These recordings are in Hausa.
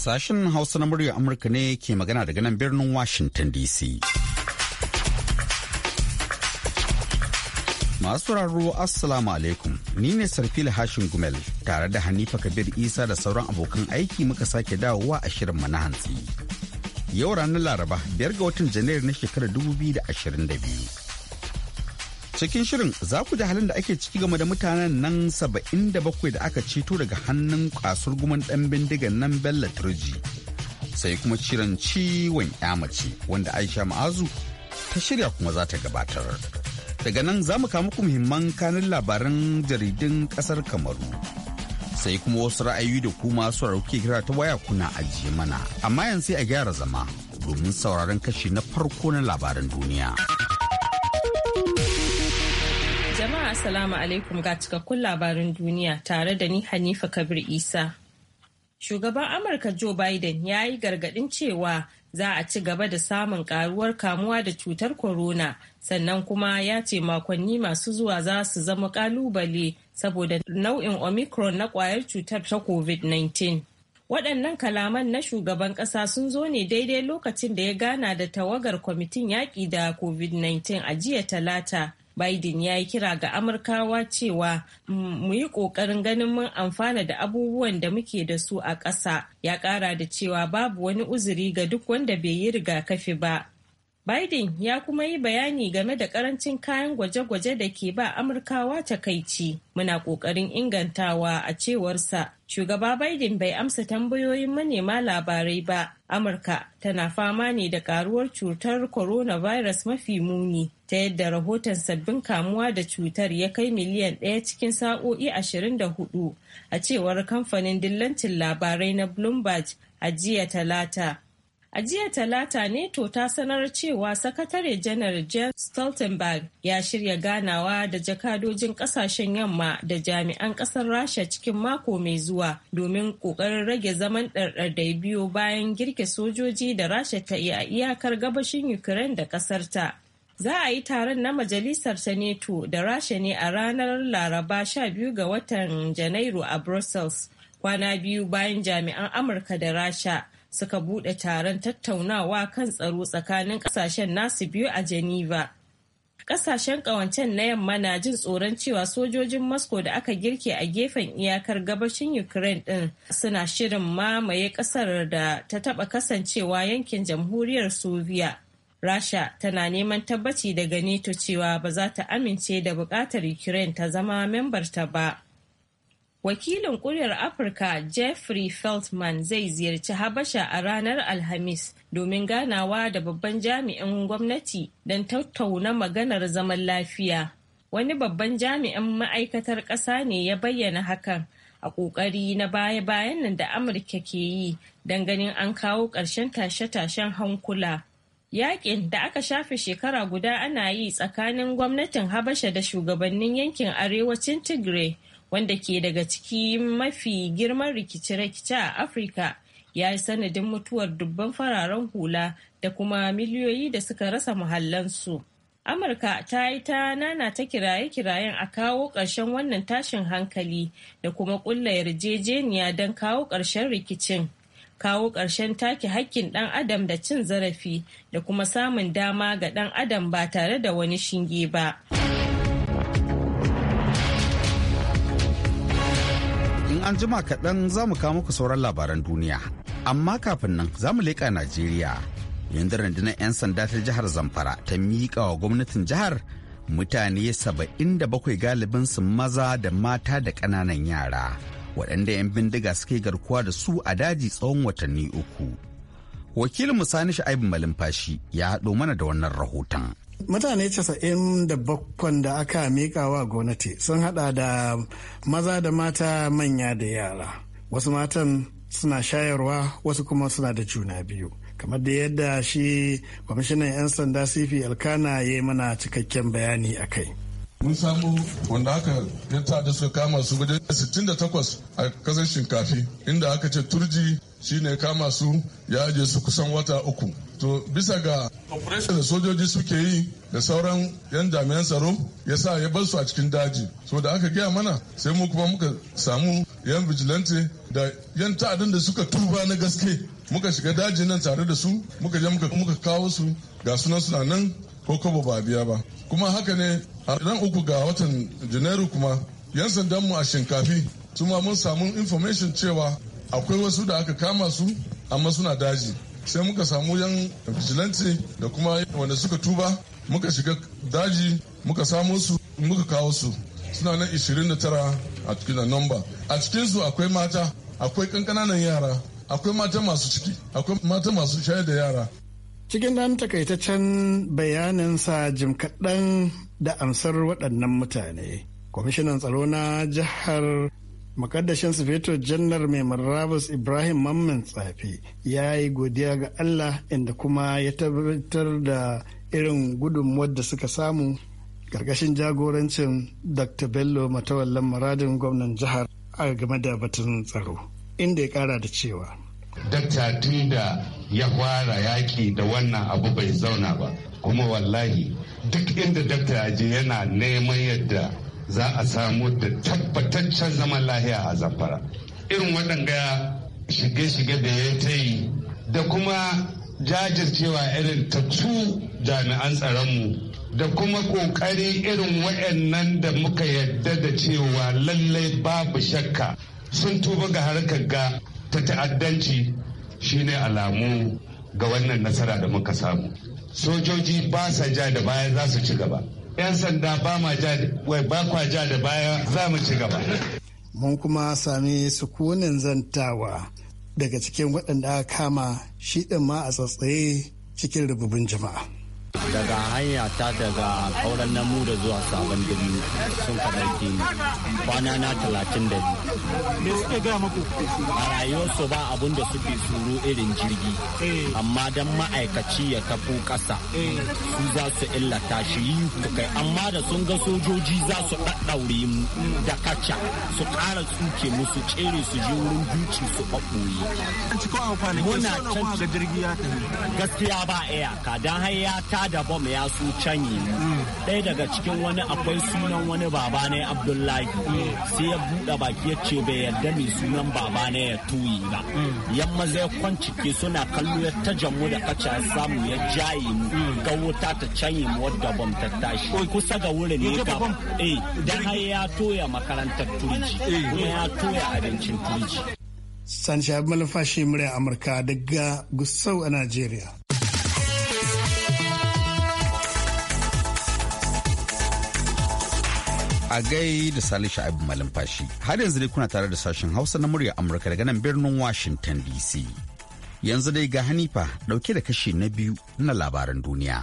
Sashen Hausa na murya Amurka ne ke magana daga nan birnin Washington DC. Masu raro Assalamu alaikum, ni ne Sarfila Hashin Gumel tare da Hanifa Kabir Isa da sauran abokan aiki muka sake dawowa a shirin na hantsi. Yau ranar Laraba, biyar ga watan Janairu na shekarar 2022. Cikin shirin za ku ji halin da ake ciki game da mutanen nan saba'in da bakwai da aka ceto daga hannun kasur guman ɗan bindigan nan Bello Turji. Sai kuma ciran ciwon mace wanda Aisha Ma'azu ta shirya kuma za ta gabatar. Daga nan za mu kama ku muhimman kanun labaran jaridun kasar Kamaru. sai kuma wasu ra'ayoyi da kuma masu rauke kira ta waya kuna ajiye mana amma yanzu sai a gyara zama domin sauraron kashi na farko na labaran duniya. Jama'a Assalamu alaikum ga cikakkun labarin duniya tare da ni Hanifa Kabir Isa. Shugaban Amurka Joe Biden ya yi gargadin cewa za a ci gaba da samun karuwar kamuwa da cutar corona sannan kuma ya ce makonni masu zuwa za su zama kalubale saboda nau'in omicron na kwayar cutar ta covid-19 waɗannan kalaman na shugaban ƙasa sun zo ne daidai lokacin da ya gana da tawagar kwamitin yaƙi da covid-19 a jiya talata Biden ya yi kira ga Amurkawa cewa mu yi ƙoƙarin ganin mun amfana da abubuwan da muke da su a ƙasa. Ya ƙara da cewa babu wani uzuri ga duk wanda bai yi rigakafi ba. Biden ya kuma yi bayani game da karancin kayan gwaje-gwaje da ke ba Amurkawa takaici. Muna ƙoƙarin ingantawa a cewarsa. Shugaba Biden bai amsa tambayoyin manema labarai ba. Amurka tana fama ne da karuwar cutar coronavirus mafi muni ta yadda rahoton sabbin kamuwa da cutar ya kai miliyan ɗaya cikin sa'o'i 24 a cewar kamfanin dillancin labarai na Bloomberg a jiya talata. A jiya talata neto ta sanar cewa sakatare janar Jens Stoltenberg ya shirya ganawa da jakadojin kasashen yamma da jami'an kasar Rasha cikin mako mai zuwa domin kokarin rage zaman ɗarɗar biyo bayan girke sojoji da Rasha ta yi a iyakar gabashin Ukraine da ƙasarta. Za a yi taron na majalisar ta neto da Rasha ne a ranar Laraba 12 ga watan Janairu a Brussels, kwana biyu bayan jami'an Amurka da Rasha. suka buɗe taron tattaunawa kan tsaro tsakanin ƙasashen nasu biyu a Geneva. Ƙasashen ƙawancen na yamma na jin tsoron cewa sojojin Moscow da aka girke a gefen iyakar gabashin Ukraine ɗin suna shirin mamaye ƙasar da ta taɓa kasancewa yankin jamhuriyar Soviya. Rasha tana neman tabbaci daga NATO cewa ba za ta amince da buƙatar Ukraine ta zama membarta ba. Wakilin ƙuryar Afirka Jeffrey Feltman zai ziyarci Habasha a ranar Alhamis domin ganawa da babban jami'in gwamnati don tattauna maganar zaman lafiya. Wani babban jami'in ma'aikatar ƙasa ne ya bayyana hakan a ƙoƙari na baya-bayan nan da Amurka ke yi don ganin an kawo ƙarshen tashe-tashen hankula. Yaƙin da aka shafe shekara guda ana yi tsakanin gwamnatin Habasha da shugabannin yankin arewacin Tigray. wanda ke daga ciki mafi girman rikice-rikice a afirka ya yi sanadin mutuwar dubban fararen hula da kuma miliyoyi da suka rasa muhallansu amurka ta yi ta nana ta kiraye-kirayen a kawo ƙarshen wannan tashin hankali da kuma ƙulla yarjejeniya don kawo ƙarshen rikicin kawo ƙarshen take hakkin ɗan adam da cin zarafi da kuma samun dama ga ɗan adam ba tare da wani shinge ba. an jima kaɗan za mu kawo muku sauran labaran duniya. Amma kafin nan za mu leƙa Najeriya. Yanzu rundunar 'yan sanda ta jihar Zamfara ta miƙa wa gwamnatin jihar mutane saba'in da bakwai galibin su maza da mata da ƙananan yara. Waɗanda 'yan bindiga suka suke garkuwa da su a daji tsawon watanni uku. Wakilin Musani Sha'ibu Malumfashi ya haɗo mana da wannan rahoton. mutane 97 da aka miƙa wa gwamnati sun hada da maza da mata manya da yara wasu matan suna shayarwa wasu kuma suna da juna biyu kamar da yadda shi kwamishinan 'yan sanda cp alkana ya yi mana cikakken bayani a kai mun samu wanda aka yanta da suka kama su guda 68 a kasar shinkafi inda aka ce turji shine kama su ya aje su kusan wata uku to bisa ga operation da sojoji suke yi da sauran yan jami'an tsaro ya sa ya bar su a cikin daji so da aka gaya mana sai mu kuma muka samu yan vigilante da yan ta'adin da suka tuba na gaske muka shiga daji nan tare da su muka je muka kawo su ga sunan suna nan ko kobo ba biya ba kuma haka ne a ran uku ga watan janairu kuma yan sandanmu a shinkafi su mun samu information cewa akwai wasu da aka kama su amma suna daji sai muka samu yan vigilante da kuma wanda suka tuba muka shiga daji muka samu su muka kawo su suna nan 29 a cikin nomba a cikinsu akwai mata akwai kankananan yara akwai mata masu ciki akwai mata masu shayar da yara cikin ɗan takaitaccen bayaninsa jim kaɗan da amsar waɗannan mutane kwamishinan tsaro na jihar makaddashin sufeto janar mai marabus ibrahim mamman tsafi ya yi godiya ga allah inda kuma ya tabbatar da irin gudunmuwar da suka samu karkashin jagorancin dr bello matawallan maradin gwamnan jihar a game da batun tsaro inda ya kara da cewa dakta tun da ya fara yaƙi da wannan abu bai zauna ba kuma wallahi duk inda dakta aji yana neman yadda za a samu da tabbataccen zaman lahiya a zamfara irin waɗanda shige-shige da ya ta yi da kuma jajircewa irin ta su jami'an tsaronmu da kuma ƙoƙari irin waɗannan da muka yadda da cewa lallai babu shakka sun tuba ga harkar ga ta ta'addanci shine alamu ga wannan nasara da muka samu sojoji ba sa ja da baya za su ci gaba 'yan sanda ba ma ja da baya za mu ci gaba mun kuma sami sukunin zantawa daga cikin waɗanda kama shi ɗin ma a tsatsaye cikin rububin jama'a daga hanya ta daga auren namu da zuwa sabon gari sun ka ɗauke kwana na talatin da biyu. Me suke gaya muku? A rayuwarsu ba abun da suke tsoro irin jirgi eh. amma dan ma'aikaci ya tafi ƙasa eh. su za su illata shi yi kai amma da sun ga sojoji za su ɗaɗɗaure mu da kaca su ƙara tsuke musu su tsere su je wurin duci su ɓaɓɓoye. Muna can gaskiya ba iyaka don har ya ta da bom ya su canyi ɗaya daga cikin wani akwai sunan wani baba ne abdullahi sai ya buɗe baki ya ce bai yarda mai sunan baba ne ya tuyi ba yamma zai kwanciki suna kallo ya ta jamu da kaca samu ya jaye mu ga wuta ta canyi mu wadda bom ta tashi kusa ga wurin ne ga eh dan har ya toya makarantar turji eh. kuma ya toya abincin turji Sanshi Abmalfashi murya Amurka daga Gusau a Najeriya. a gai da sale sha'ib malumfashi har yanzu dai kuna tare da sashen hausa na murya amurka daga nan birnin washington dc yanzu dai ga hanifa dauke da kashi na biyu na labaran duniya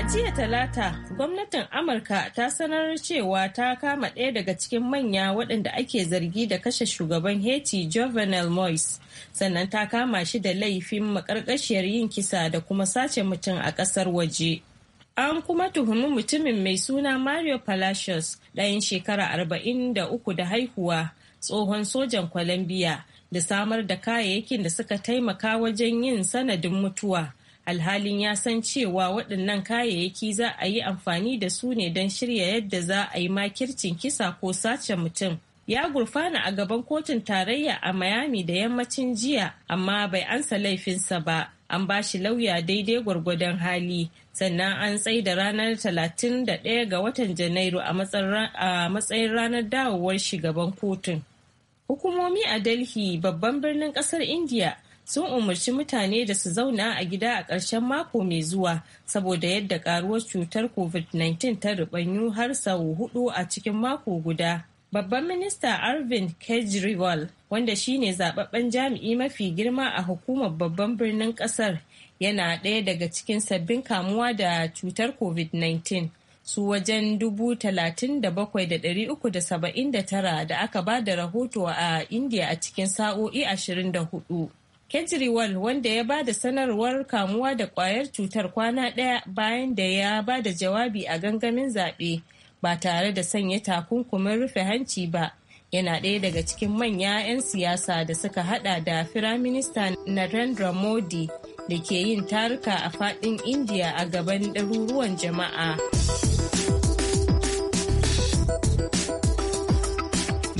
a jiya talata gwamnatin amurka ta sanar cewa ta kama ɗaya daga cikin manya waɗanda ake zargi da kashe shugaban haiti jovenel moise sannan ta kama shi da laifin maƙarƙashiyar yin kisa da kuma sace mutum a ƙasar waje An kuma tuhumi mutumin mai suna Mario Palacios ɗayan shekara 43 da haihuwa tsohon sojan Colombia da samar da kayayyakin da suka taimaka wajen yin sanadin mutuwa. Alhalin ya san cewa waɗannan kayayyaki za a yi amfani da su ne don shirya yadda za a yi makircin kisa ko sace mutum. ya gurfana a gaban kotun tarayya a Miami da yammacin jiya amma bai ansa laifinsa ba an ba shi lauya daidai gwargwadon hali sannan an tsaida ranar 31 ga watan janairu a matsayin ranar dawowar shugaban kotun hukumomi a delhi babban birnin kasar india sun umarci mutane da su zauna a gida a ƙarshen mako mai zuwa saboda yadda karuwar cutar covid-19 ta rubanyu har sau hudu a cikin mako guda Babban minista Arvind Kejriwal wanda shine zababben jami'i mafi girma a hukumar babban birnin kasar yana ɗaya daga cikin sabbin kamuwa da cutar COVID-19 su wajen 37,379 da aka ba da rahoto a India a cikin sa'o'i 24. Kejriwal wanda ya ba da sanarwar kamuwa da kwayar cutar kwana ɗaya bayan da ya ba da jawabi a gangamin zaɓe. ba tare da sanya takunkumin rufe hanci ba yana ɗaya daga cikin manya 'yan siyasa da suka hada da firaminista narendra modi da ke yin taruka a faɗin indiya a gaban ɗaruruwan jama'a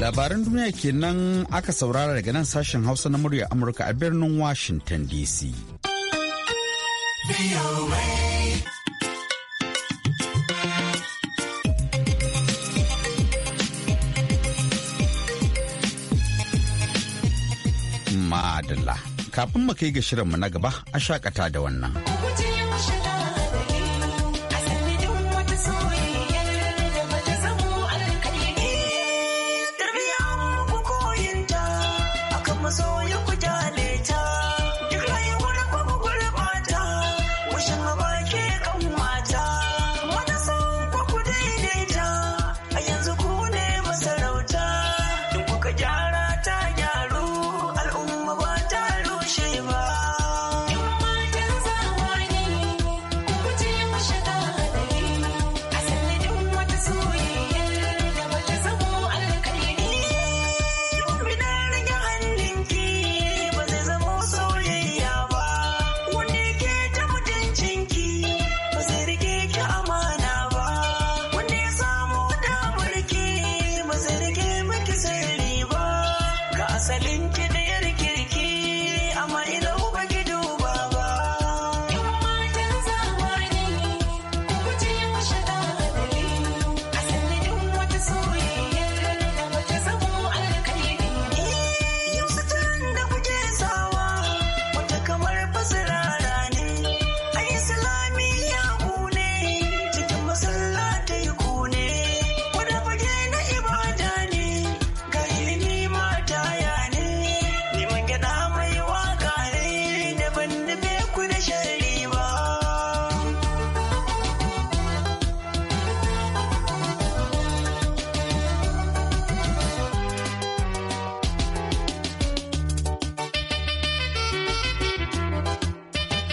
labaran duniya kenan aka saurara daga nan sashen hausa na murya amurka a birnin washington dc adalla Kafin mu kai ga shirinmu na gaba a shakata da wannan.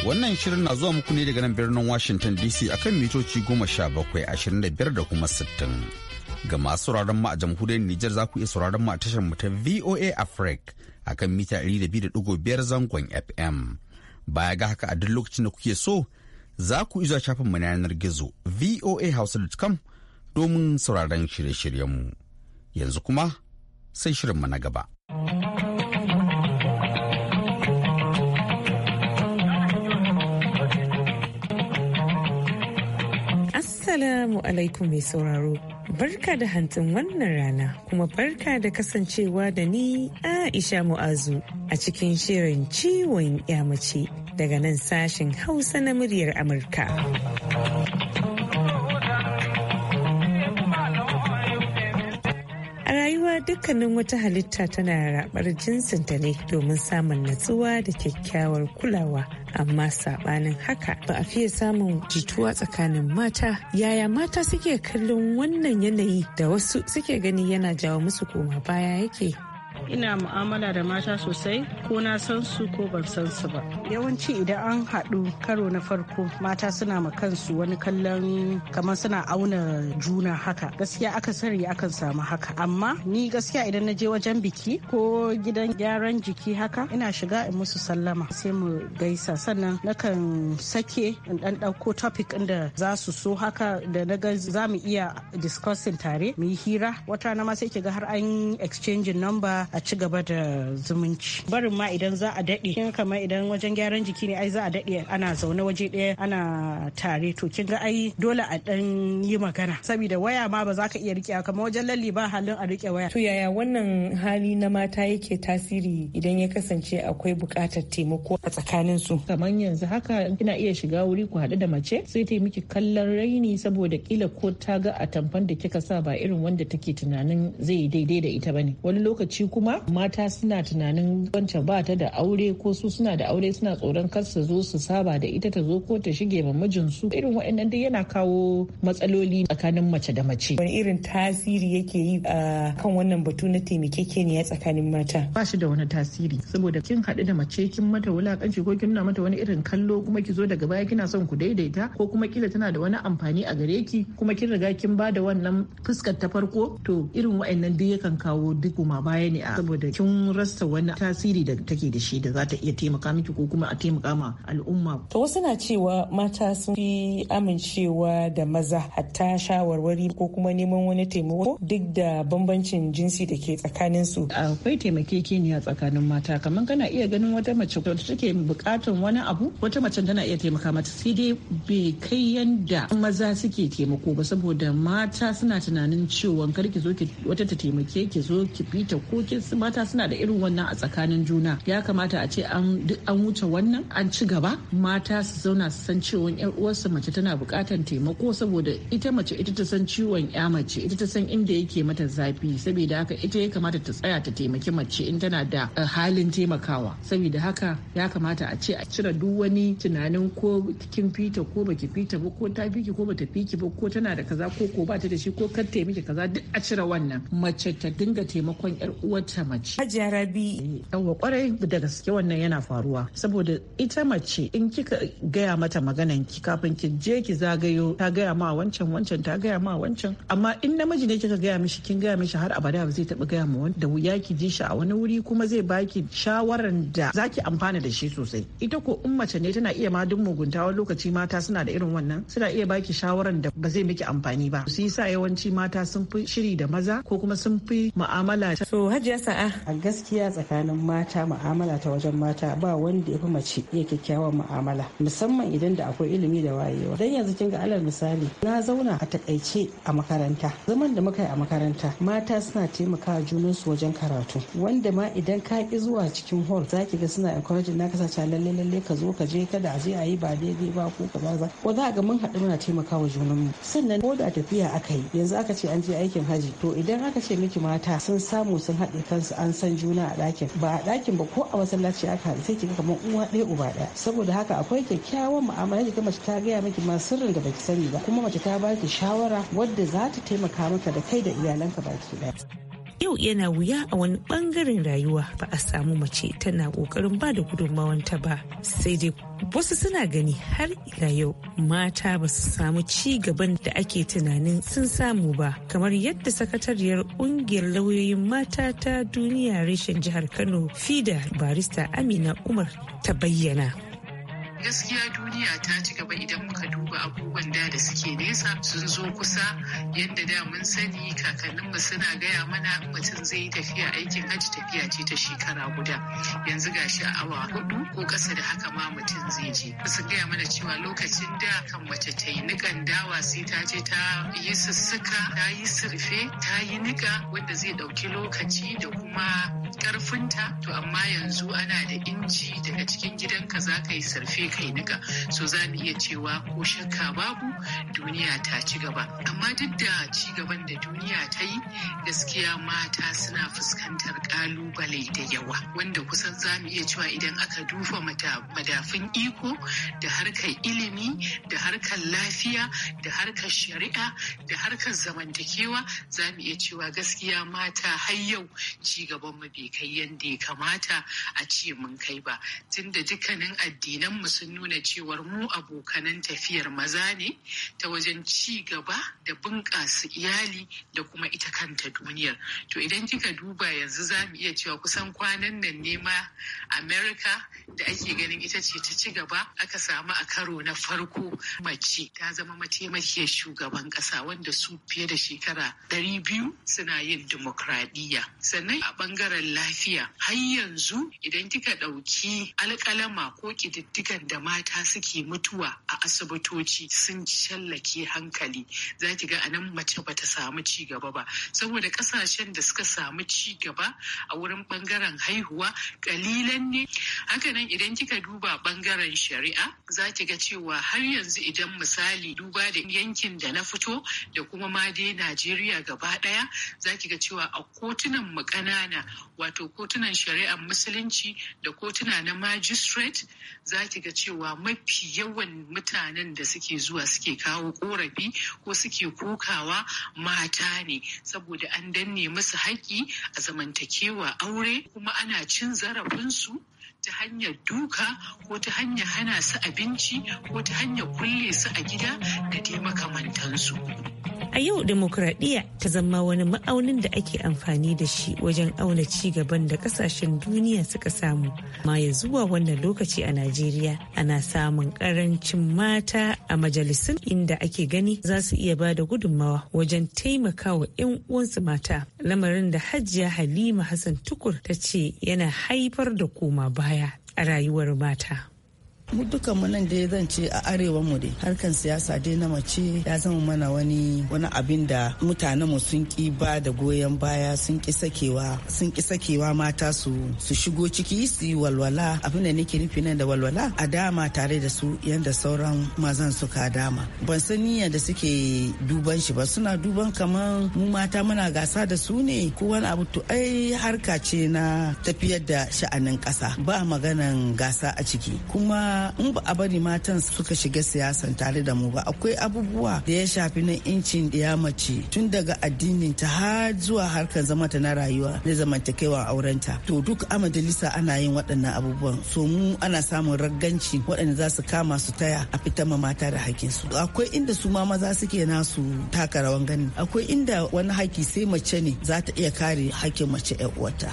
Wannan shirin na zuwa muku ne daga nan birnin Washington DC akan mitoci goma sha bakwai ashirin da biyar da kuma sittin. Ga masu sauraron mu a jamhuriyar Nijar za ku iya sauraron mu a tashar mu ta VOA Africa akan mita 200.5 da zangon FM. Baya ga haka a duk lokacin da kuke so za ku iya shafin mu na yanar gizo voa voahausa.com domin sauraron shirye-shiryenmu. Yanzu kuma sai shirin mu na gaba. Assalamu alaikum mai sauraro. Barka da hantsin wannan rana kuma barka da kasancewa da ni Aisha Mu'azu a cikin shirin ciwon mace daga nan sashen Hausa na muryar Amurka. A rayuwa dukkanin wata halitta tana rabar jinsinta ne domin samun natsuwa da kyakkyawar kulawa amma sabanin haka ba a fiye samun jituwa tsakanin mata yaya mata suke kallon wannan yanayi da wasu suke gani yana jawo musu koma baya yake ina mu'amala da mata sosai ko na san su ko ban san su ba yawanci idan an haɗu karo na farko mata suna ma kansu wani kallon kamar suna auna juna haka gaskiya aka sari akan samu haka amma ni gaskiya idan na je wajen biki ko gidan gyaran jiki haka ina shiga in musu sallama sai mu gaisa sannan nakan sake in dan ɗauko topic inda za su so haka da na ga za mu iya discussing tare mu yi hira wata na ma sai ki ga har an exchange number a ci gaba da zumunci barin ma idan za a daɗe kin kamar idan wajen gyaran jiki ne ai za a daɗe ana zaune waje ɗaya ana tare to kin ga ai dole a dan yi magana saboda waya ma ba za ka iya riƙe kamar wajen lalli ba halin a riƙe waya to yaya wannan hali na mata yake tasiri idan ya kasance akwai buƙatar taimako a tsakanin su kamar yanzu haka kina iya shiga wuri ku haɗu da mace sai ta yi miki kallon raini saboda kila ko ta ga atamfan da kika sa ba irin wanda take tunanin zai daidai da ita bane wani lokaci kuma mata suna tunanin wancan ba ta da aure ko su suna da aure suna tsoron kar su zo su saba da ita ta zo ko ta shige ma mijinsu irin waɗannan dai yana kawo matsaloli tsakanin mace da mace wani irin tasiri yake yi a kan wannan batu na taimakekeniya tsakanin mata ba shi da wani tasiri saboda kin haɗu da mace kin mata wulakanci ko kin nuna mata wani irin kallo kuma ki zo daga baya kina son ku daidaita ko kuma kila tana da wani amfani a gare ki kuma kin riga kin ba da wannan fuskar ta farko to irin waɗannan dai yakan kawo duk baya ne shari'a saboda kin rasa wani tasiri da take da shi da za ta iya taimaka miki ko kuma a taimaka ma al'umma. To wasu na cewa mata sun fi amincewa da maza hatta shawarwari ko kuma neman wani taimako duk da bambancin jinsi da ke tsakanin su. Akwai taimakekeniya tsakanin mata kamar kana iya ganin wata mace da take bukatan wani abu wata mace tana iya taimaka mata sai dai bai kai yanda maza suke taimako ba saboda mata suna tunanin cewa kar ki zo ki wata ta taimake ki zo ki fita ko ki yawanci su mata suna da irin wannan a tsakanin juna ya kamata a ce an wuce wannan an ci gaba mata su zauna su san ciwon yar uwarsa mace tana bukatan taimako saboda ita mace ita ta san ciwon ya mace ita ta san inda yake mata zafi saboda haka ita ya kamata ta tsaya ta taimaki mace in tana da eh, halin taimakawa saboda haka ya kamata a ce a cire duk wani tunanin ko kin fita ko baki fita ba ko ta fiki ko bata fiki ba ko tana da kaza ko ko bata da shi ko kar taimaki kaza duk a cire wannan mace ta dinga taimakon yar uwar ta mace. Hajiya Rabi. Yawwa kwarai da gaske wannan yana faruwa saboda ita mace in kika gaya mata maganan ki kafin ki je ki zagayo ta gaya ma wancan wancan ta gaya ma wancan amma in namiji ne kika gaya mishi kin gaya mishi har abada ba zai taba gaya ma wani da wuya ki ji shi a wani wuri kuma zai baki shawaran da zaki amfana da shi sosai ita ko in mace ne tana iya ma duk mugunta wani lokaci mata suna da irin wannan suna iya baki shawaran da ba zai miki amfani ba su yi sa yawanci mata sun fi shiri da maza ko kuma sun fi mu'amala. So Hajiya sa'a a gaskiya tsakanin mata ma'amala ta wajen mata ba wanda ya fi mace iya kyakkyawan ma'amala musamman idan da akwai ilimi da wayewa dan yanzu kin ga alal misali na zauna a takaice a makaranta zaman da muka yi a makaranta mata suna taimakawa junansu wajen karatu wanda ma idan ka ki zuwa cikin hall zaki ga suna encourage na kasa lalle lalle ka zo ka je kada a je a yi ba daidai ba ko kaza ko za ga mun haɗu muna taimakawa mu sannan ko da tafiya aka yi yanzu aka ce an je aikin haji to idan aka ce miki mata sun samu sun haɗe kansu an san juna a ɗakin ba a ɗakin ba ko a masallaci aka haɗu sai kika kamar uwa ɗaya uba ɗaya saboda haka akwai kyakkyawan mu'amala kiga mace ta gaya miki ma sirrin da baki sani ba kuma mace ta baki shawara wadda za ta taimaka maka da kai da iyalanka baki ɗaya. yau yana wuya a wani bangaren rayuwa ba a samu mace tana kokarin ba da gudunmawanta ba sai dai wasu suna gani har ila yau mata ba su samu ci gaban da ake tunanin sun samu ba kamar yadda sakatariyar kungiyar lauyoyin mata ta duniya reshen jihar kano fida barista amina umar ta bayyana gaskiya duniya ta ci gaba idan muka duba abubuwan da da suke nesa sun zo kusa yadda da mun sani kakanninmu suna gaya mana mutum zai yi tafiya aikin hajji tafiya ce ta shekara guda yanzu gashi a awa hudu ko ƙasa da haka ma mutum zai je su gaya mana cewa lokacin da kan mace ta yi nikan dawa sai ta je ta yi sussuka ta yi surfe ta yi nika wanda zai ɗauki lokaci da kuma karfinta to amma yanzu ana da inji daga cikin gidanka za ka yi sarfe kai nika so za mu iya cewa ko shakka babu duniya ta ci gaba amma duk da ci gaban da duniya ta yi gaskiya mata suna fuskantar kalubale da yawa wanda kusan za mu iya cewa idan aka dufa madafin iko da harkar ilimi da harkar lafiya da harkar shari'a da harkar zamantakewa za mu iya cewa gaskiya mata har yau ci gaban mabiya kai yadda ya kamata a ce mun kai ba tunda dukkanin addinan mu sun nuna cewar mu abokanan tafiyar maza ne ta wajen ci gaba da bunƙasa iyali da kuma ita kanta duniyar to idan kika duba yanzu za mu iya cewa kusan kwanan nan ne ma america da ake ganin ita ce ta ci gaba aka samu a karo na farko mace ta zama mataimakiyar shugaban kasa wanda su fiye da shekara ɗari biyu suna yin dimokuraɗiyya sannan a ɓangaren lafiya har yanzu idan kika ɗauki alƙalama ko ƙididdigan da mata suke mutuwa a asibitoci sun shallake hankali za ki ga nan mace bata samu ci gaba ba saboda ƙasashen da suka samu ci gaba a wurin ɓangaren haihuwa ƙalilan ne hakanan idan kika duba bangaren shari'a za ki ga cewa har yanzu idan misali duba da yankin da na fito da kuma ma dai najeriya gaba ɗaya. za ki ga cewa a kotunan mu ƙanana wato kotunan shari'ar musulunci da kotuna na magistrate za ki ga cewa mafi yawan mutanen da suke zuwa suke kawo korafi ko suke kokawa mata ne saboda an danne musu haƙƙi a zamantakewa aure kuma ana cin zarafinsu ta hanyar duka ko ta hanyar hana su abinci ko ta hanyar kulle su a gida da dai makamantansu. A yau demokradiyya ta zama wani ma'aunin da ake amfani da shi wajen auna ci gaban da kasashen duniya suka samu. Ma ya zuwa wannan lokaci a Najeriya ana samun karancin mata a majalisun inda ake gani za su iya ba da gudunmawa wajen taimakawa 'yan uwansu mata. Lamarin da Hajiya Halima Hassan Tukur ta ce yana haifar da koma baya a rayuwar mata. mu mu nan dai zan ce a arewa mu dai harkan siyasa dai na mace ya zama mana wani wani abin da mutanen mu sun ki ba da goyon baya sun ki sakewa sun ki sakewa mata su su shigo ciki su yi walwala abin da nake nufi nan da walwala a dama tare da su yanda sauran mazan suka dama ban san niyya da suke duban shi ba suna duban kaman mu mata muna gasa da su ne ko wani abu to ai harka ce na tafiyar da sha'anin kasa ba maganan gasa a ciki kuma in ba a bari matan suka shiga siyasan tare da mu ba akwai abubuwa da ya shafi na incin ya mace tun daga addinin ta har zuwa harkar zama ta na rayuwa na zamantakewa aurenta to duk a majalisa ana yin waɗannan abubuwan so mu ana samun ragganci waɗanda za su kama su taya a fitar ma mata da su akwai inda su ma maza suke nasu taka rawan gani akwai inda wani haki sai mace ne za ta iya kare hakin mace yan uwata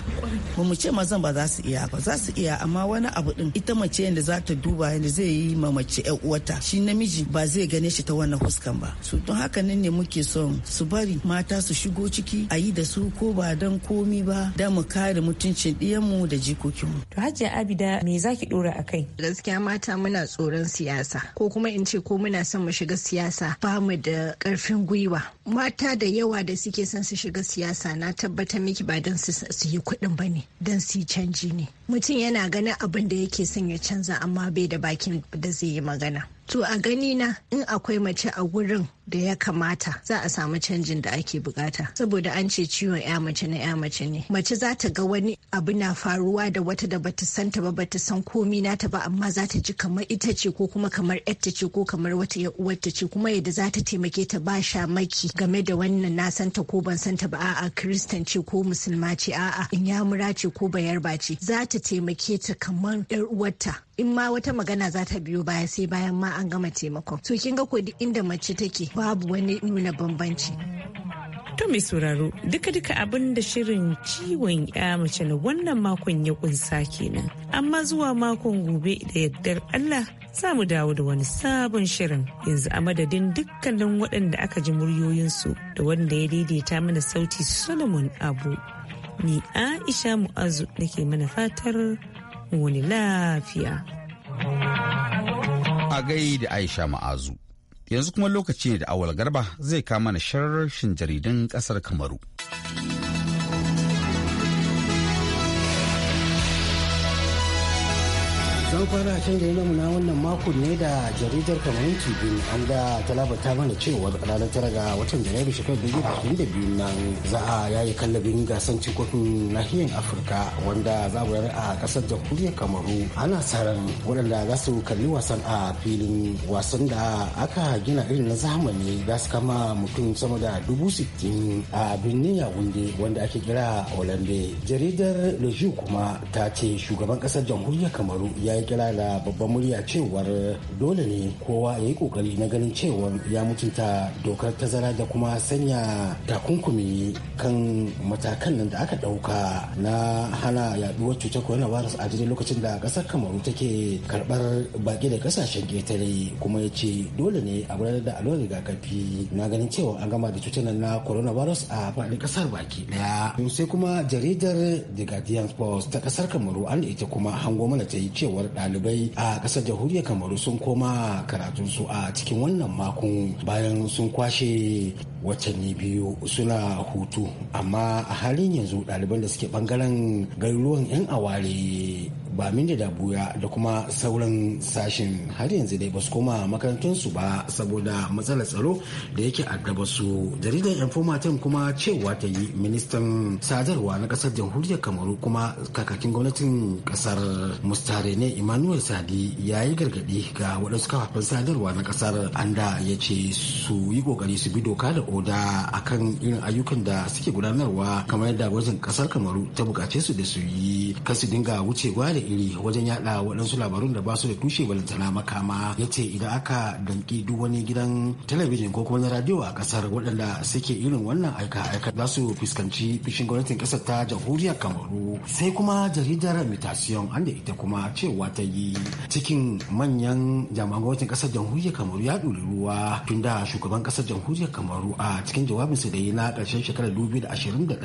ba mu ce mazan ba za su iya ba za su iya amma wani abu din ita mace yadda za ta duba da zai yi ma mace yan uwata shi namiji ba zai gane shi ta wannan huskan ba su don haka nan ne muke son su bari mata su shigo ciki a yi da su ko ba don komi ba da mu kare mutuncin ɗiyanmu da jikokinmu. To Hajiya Abida me zaki dora a kai? Gaskiya mata muna tsoron siyasa ko kuma in ce ko muna son mu shiga siyasa ba mu da karfin gwiwa. Mata da yawa da suke son su shiga siyasa na tabbatar miki ba don su yi kuɗin ba ne don su yi canji ne. Mutum yana ganin abin da yake son ya canza amma bai da bakin da zai yi magana to a gani na in akwai mace a wurin. da ya kamata za a samu canjin da ake bukata saboda an ce ciwon ya mace na ya mace ne mace za ta ga wani abu na faruwa da wata da bata san ta ba bata san komi na ta ba amma za ta ji kamar ita ce ko kuma kamar yarta ce ko kamar wata ya uwarta ce kuma yadda za ta taimake ta ba sha maki game da wannan na san ta ko ban san ta ba a'a kristan ce ko musulma ce a'a in yamura ce ko ba ce za ta taimake ta kamar yar uwarta in ma wata magana za ta biyo baya sai bayan ma an gama taimakon to kin ga ko duk inda mace take babu wani nuna bambanci. To mai sauraro duka-duka abin da shirin ciwon ya mace na wannan makon ya kunsa kenan. Amma zuwa makon gobe da yardar Allah za mu dawo da wani sabon shirin yanzu a madadin dukkanin waɗanda aka ji muryoyinsu da wanda ya daidaita mana sauti Solomon Abu. Ni Aisha Mu'azu nake mana fatar wani lafiya. A gai da Aisha mu'azu Yanzu kuma lokaci ne da awal garba zai kama na sharashin jaridun kasar Kamaru. zan fara a gari wannan makon ne da jaridar kamar tv an da talabata mana cewa ranar tara ga watan janairu shekarar dubu ashirin da biyu nan za a yayi kallabin gasan cin kofin nahiyar afirka wanda za a a kasar jamhuriyar kamaru ana tsaron waɗanda za su kalli wasan a filin wasan da aka gina irin na zamani za su kama mutum sama da dubu sittin a birnin yawunde wanda ake kira olambe jaridar lejiu kuma ta ce shugaban kasar jamhuriyar kamaru ya yi kira da babban murya cewar dole ne kowa ya yi kokari na ganin cewar ya mutunta dokar tazara da kuma sanya takunkumi kan matakan nan da aka dauka na hana yaduwar cutar virus a jirgin lokacin da kasar kamaru take karbar baki da kasashen ketare kuma ya ce dole ne a gudanar da alwar rigakafi na ganin cewa an gama da cutar nan na virus a faɗin kasar baki daya sai kuma jaridar the guardian post ta kasar kamaru an ita kuma hango mana ta yi cewar dalibai a ƙasar jamhuriyar kamaru sun koma karatun su a cikin wannan makon bayan sun kwashe watanni biyu suna hutu amma a halin yanzu ɗaliban da suke ɓangaren garuruwan 'yan aware ba min da buya da kuma sauran sashen har yanzu dai basu su koma su ba saboda matsalar tsaro da yake addaba su jaridar information kuma cewa ta yi ministan sadarwa na kasar jamhuriyar kamaru kuma kakakin gwamnatin kasar mustare ne emmanuel sadi ya yi gargadi ga waɗansu kafafen sadarwa na kasar anda ya ce su yi kokari su bi doka da oda akan irin ayyukan da suke gudanarwa kamar yadda gwamnatin kasar kamaru ta bukace su da su yi kan su dinga wucewa da iri wajen yada waɗansu labarun da ba su da tushe balantana makama ya ce idan aka danki duk wani gidan talabijin ko kuma na radio a kasar waɗanda suke irin wannan aika-aika za su fuskanci fishin gwamnatin kasar ta jamhuriyar kamaru sai kuma jaridar mutation an da ita kuma cewa ta yi cikin manyan jami'an gwamnatin kasar jamhuriyar kamaru ya ɗori ruwa tun da shugaban kasar jamhuriyar kamaru a cikin jawabinsa da yi na ƙarshen shekarar 2021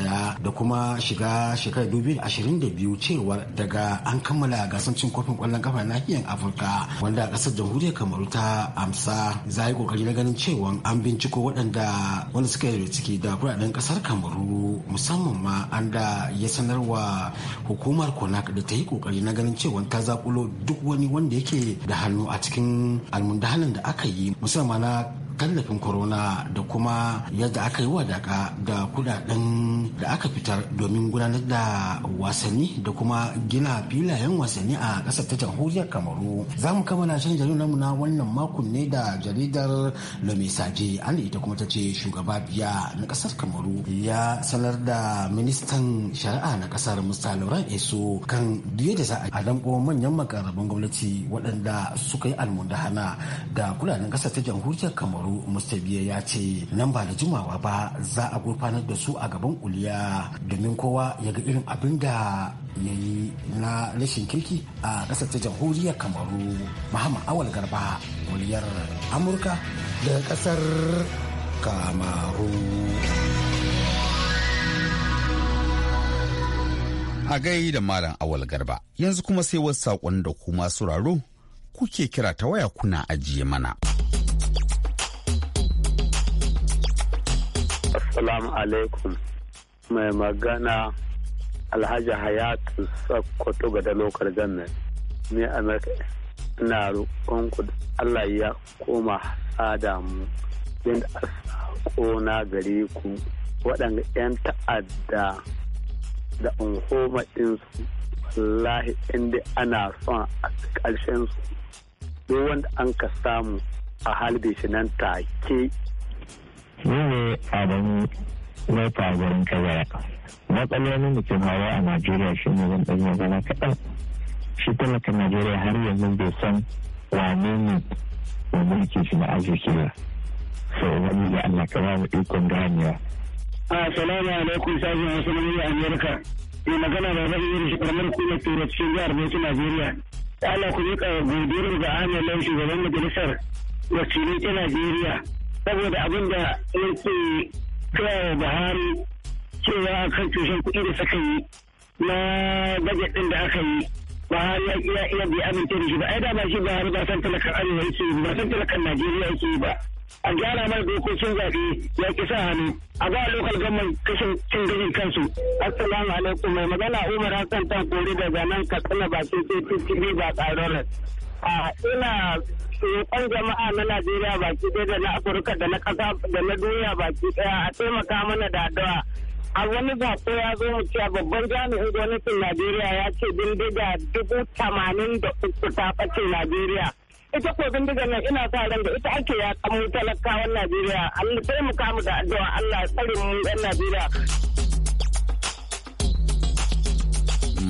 da kuma shiga shekarar 2022 cewar daga an kammala gasar cin kofin kwallon kafa nahiyar afirka wanda kasar jamhuriyar kamaru ta amsa za yi kokari na ganin cewa an binciko waɗanda wanda suka yi ciki da kuɗaɗen kasar kamaru musamman ma an da ya sanarwa hukumar konak da ta yi kokari na ganin cewa ta zakulo duk wani wanda yake da hannu a cikin almundahanan da aka yi musamman na tallafin corona da kuma yadda aka yi wadaka da kudaden da aka fitar domin gudanar da wasanni da kuma gina filayen wasanni a kasar ta jamhuriyar kamaru za mu kammala shan jaridar mu na wannan makon ne da jaridar lomisaje an ita kuma ta ce shugaba biya na kasar kamaru ya sanar da ministan shari'a na ƙasar musta lauren eso kan duye da za a damƙo manyan makarabin gwamnati waɗanda suka yi almundahana da kudaden kasar ta jamhuriyar kamaru Umaru mustabiya ya ce nan ba da jimawa ba za a gurfanar da su a gaban kuliya domin kowa ya ga irin abin da ya yi na rashin kirki a ƙasar ta jamhuriyar kamaru muhammad awal garba kuliyar amurka da ƙasar kamaru a gai da malam awal garba yanzu kuma sai wasu saƙon da kuma suraro kuke kira ta waya kuna ajiye mana. Assalamu alaikum. Mai magana Alhaji Hayatu Sakkwato ga da lokar jannan. Ni Amurka ina roƙon ku Allah ya koma sada mu yadda a na gare ku waɗanda 'yan ta'adda da unhoma ɗinsu wallahi inda ana son a ƙarshen su duk wanda an ka samu a halbe shi nan take ne Adamu mai faruwar kagara. Matsalolin da ke hawa a Najeriya shi ne zan ɗan magana kaɗan. Shi talaka Najeriya har yanzu bai san wane ne wa mulki shi na arziki ba. Sau wani da Allah ka ba mu ikon ganewa. Assalamu alaikum sashen wasu na Murya Amerika. Mai magana da Rabi Yuri Shekarmar Kuma Tura cikin jihar Bauchi Najeriya. Allah ku yi godiyar ga Ahmed Lau shugaban majalisar wakilai ta Najeriya. saboda abin da yake wa buhari cewa kan tushen kuɗi da suka yi na bajet ɗin da aka yi buhari ya iya iya bai amince da shi ba ai da ba shi buhari ba san talakan arewa yake yi ba san talakan najeriya yake yi ba a gyara mai dokokin zaɓe ya ki sa hannu a ba lokal gamar kashin cin gashin kansu assalamu alaikum mai magana umar hassan ta kore daga nan katsina bakin sai ba tsaron a ina roƙon jama'a na Najeriya baki ɗaya da na Afirka da na ƙasa da na duniya baki ɗaya a taimaka mana da addu'a. A wani zaɓe ya zo mu cewa babban jami'in gwamnatin Najeriya ya ce bindiga dubu tamanin da uku ta ɓace Najeriya. Ita ko bindigar nan ina sa ran da ita ake ya kamu talakawan Najeriya. Allah taimaka mu da addu'a Allah ya tsare mu 'yan Najeriya.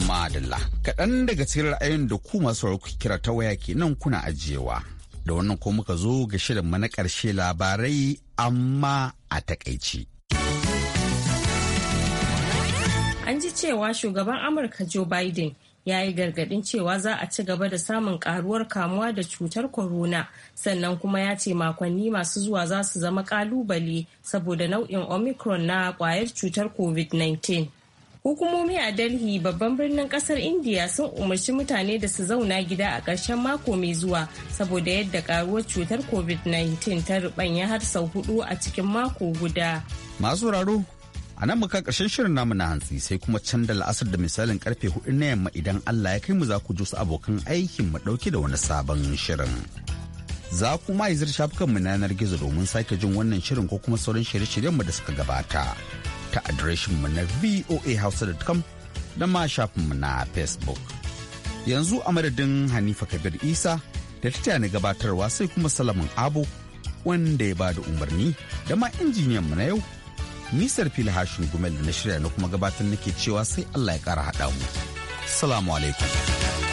madalla kaɗan daga cikin ra'ayin da ku masu kira ta waya ke nan kuna ajiyewa da wannan ko muka zo ga shirinmu na ƙarshe labarai amma a takaici. An ji cewa shugaban Amurka Joe Biden ya yi gargadin cewa za a ci gaba da samun karuwar kamuwa da cutar corona sannan kuma ya ce makonni masu zuwa za su zama kalubale saboda nau'in omicron na kwayar cutar covid-19 Hukumomi a Delhi babban birnin kasar India sun umarci mutane da su zauna gida a karshen mako mai zuwa saboda yadda karuwar cutar COVID-19 ta rubanya har sau hudu a cikin mako guda. Masu raro, a nan muka ƙarshen shirin namu na hantsi sai kuma can da la'asar da misalin karfe hudu na yamma idan Allah ya kai mu za ku ji su abokan aikin mu ɗauke da wani sabon shirin. Za ku ma yi shafukanmu na yanar gizo domin sake jin wannan shirin ko kuma sauran shirye-shiryenmu da suka gabata. ta adireshinmu na voahausa.com da ma shafinmu na facebook yanzu a madadin hanifa kabir isa da ta ni gabatarwa sai kuma salamin abu wanda ya bada umarni da ma injiniyanmu na yau nisar fili hashin gumel da na shirya na kuma gabatar nake cewa sai allah ya kara haɗa mu salamu alaikum